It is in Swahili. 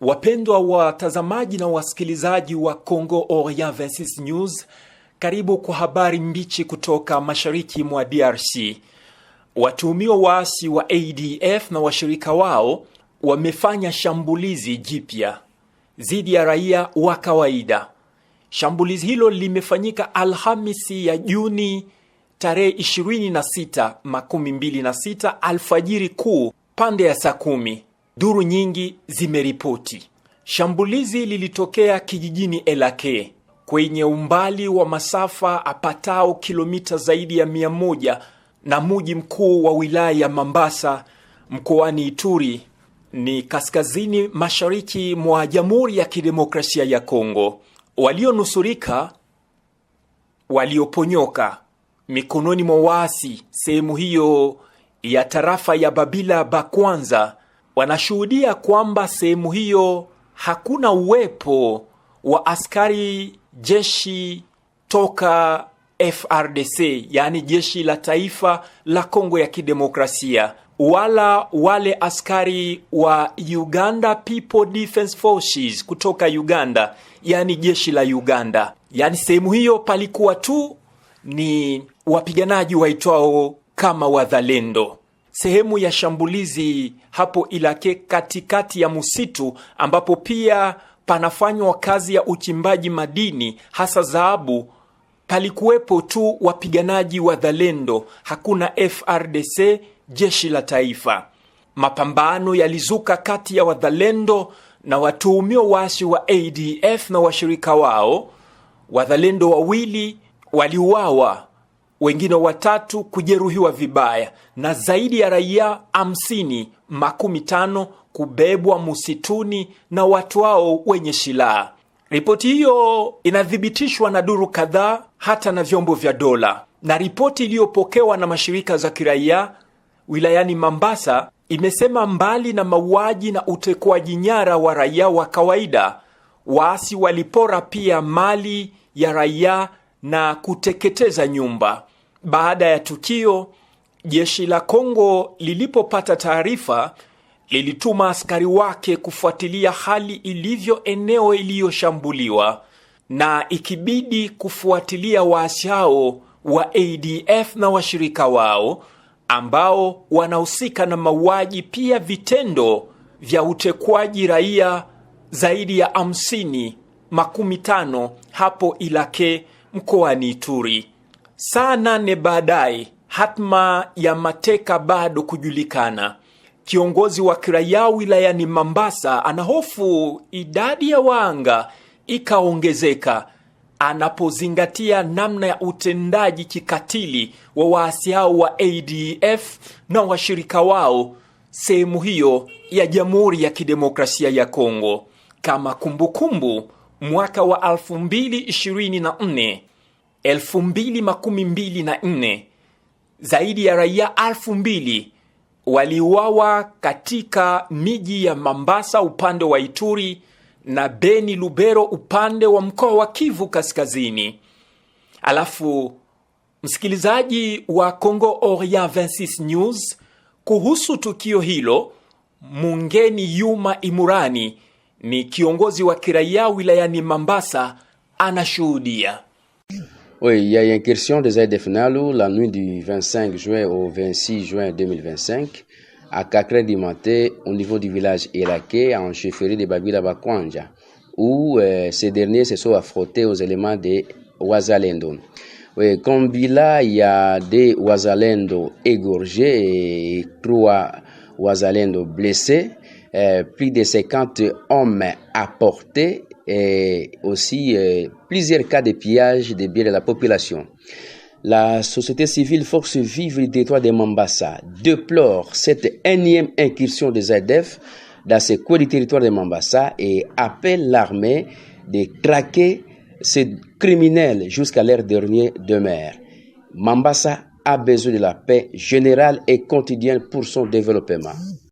Wapendwa watazamaji na wasikilizaji wa Congo Orient 26 News, karibu kwa habari mbichi kutoka mashariki mwa DRC. Watuhumiwa waasi wa ADF na washirika wao wamefanya shambulizi jipya dhidi ya raia wa kawaida. Shambulizi hilo limefanyika Alhamisi ya Juni tarehe 26 makumi mbili na sita alfajiri kuu pande ya saa kumi Duru nyingi zimeripoti shambulizi lilitokea kijijini Elake kwenye umbali wa masafa apatao kilomita zaidi ya mia moja na muji mkuu wa wilaya ya Mambasa mkoani Ituri, ni kaskazini mashariki mwa Jamhuri ya Kidemokrasia ya Kongo. Walionusurika walioponyoka mikononi mwa waasi sehemu hiyo ya tarafa ya Babila Bakwanza wanashuhudia kwamba sehemu hiyo hakuna uwepo wa askari jeshi toka FRDC, yaani jeshi la taifa la Kongo ya Kidemokrasia, wala wale askari wa Uganda People Defense Forces kutoka Uganda, yaani jeshi la Uganda. Yaani sehemu hiyo palikuwa tu ni wapiganaji waitwao kama wazalendo sehemu ya shambulizi hapo Ilake, katikati ya msitu ambapo pia panafanywa kazi ya uchimbaji madini hasa dhahabu. Palikuwepo tu wapiganaji wazalendo, hakuna FRDC, jeshi la taifa. Mapambano yalizuka kati ya wazalendo na watuhumiwa waasi wa ADF na washirika wao. Wazalendo wawili waliuawa wengine watatu kujeruhiwa vibaya na zaidi ya raia hamsini makumi tano kubebwa musituni na watu hao wenye silaha. Ripoti hiyo inathibitishwa na duru kadhaa hata na vyombo vya dola, na ripoti iliyopokewa na mashirika za kiraia wilayani Mambasa imesema mbali na mauaji na utekwaji nyara wa raia wa kawaida, waasi walipora pia mali ya raia na kuteketeza nyumba. Baada ya tukio, jeshi la Kongo lilipopata taarifa lilituma askari wake kufuatilia hali ilivyo eneo iliyoshambuliwa na ikibidi kufuatilia waasi hao wa ADF na washirika wao ambao wanahusika na mauaji pia vitendo vya utekwaji raia zaidi ya hamsini makumi tano hapo Ilake mkoani Ituri. Saa nane baadaye hatma ya mateka bado kujulikana. Kiongozi wa kiraia wilayani Mambasa anahofu idadi ya waanga ikaongezeka anapozingatia namna ya utendaji kikatili wa waasi hao wa ADF na washirika wao sehemu hiyo ya Jamhuri ya Kidemokrasia ya Kongo. Kama kumbukumbu kumbu, mwaka wa 2024 2024 zaidi ya raia 20 waliuawa katika miji ya Mambasa upande wa Ituri na Beni Lubero upande wa mkoa wa Kivu Kaskazini. Alafu msikilizaji wa Congo Orient 26 News, kuhusu tukio hilo, Mungeni Yuma Imurani ni kiongozi wa kiraia wilayani Mambasa anashuhudia. Oui, il y a une question des aides de finales la nuit du 25 juin au 26 juin 2025 à Kakre Maté, au niveau du village Elaké en chefferie de Babila Bakwanja où euh, ces derniers se sont affrontés aux éléments des Wazalendo. Oui, comme Bila, il y a des Wazalendo égorgés et trois Wazalendo blessés euh, plus de 50 hommes apportés et aussi euh, plusieurs cas de pillage des biens de la population. La société civile Force vivre du territoire de Mambassa, déplore cette énième incursion des ADF e dans ce coin du territoire de Mambassa et appelle l'armée de traquer ces criminels jusqu'à leur dernier demeure. Mambassa a besoin de la paix générale et quotidienne pour son développement.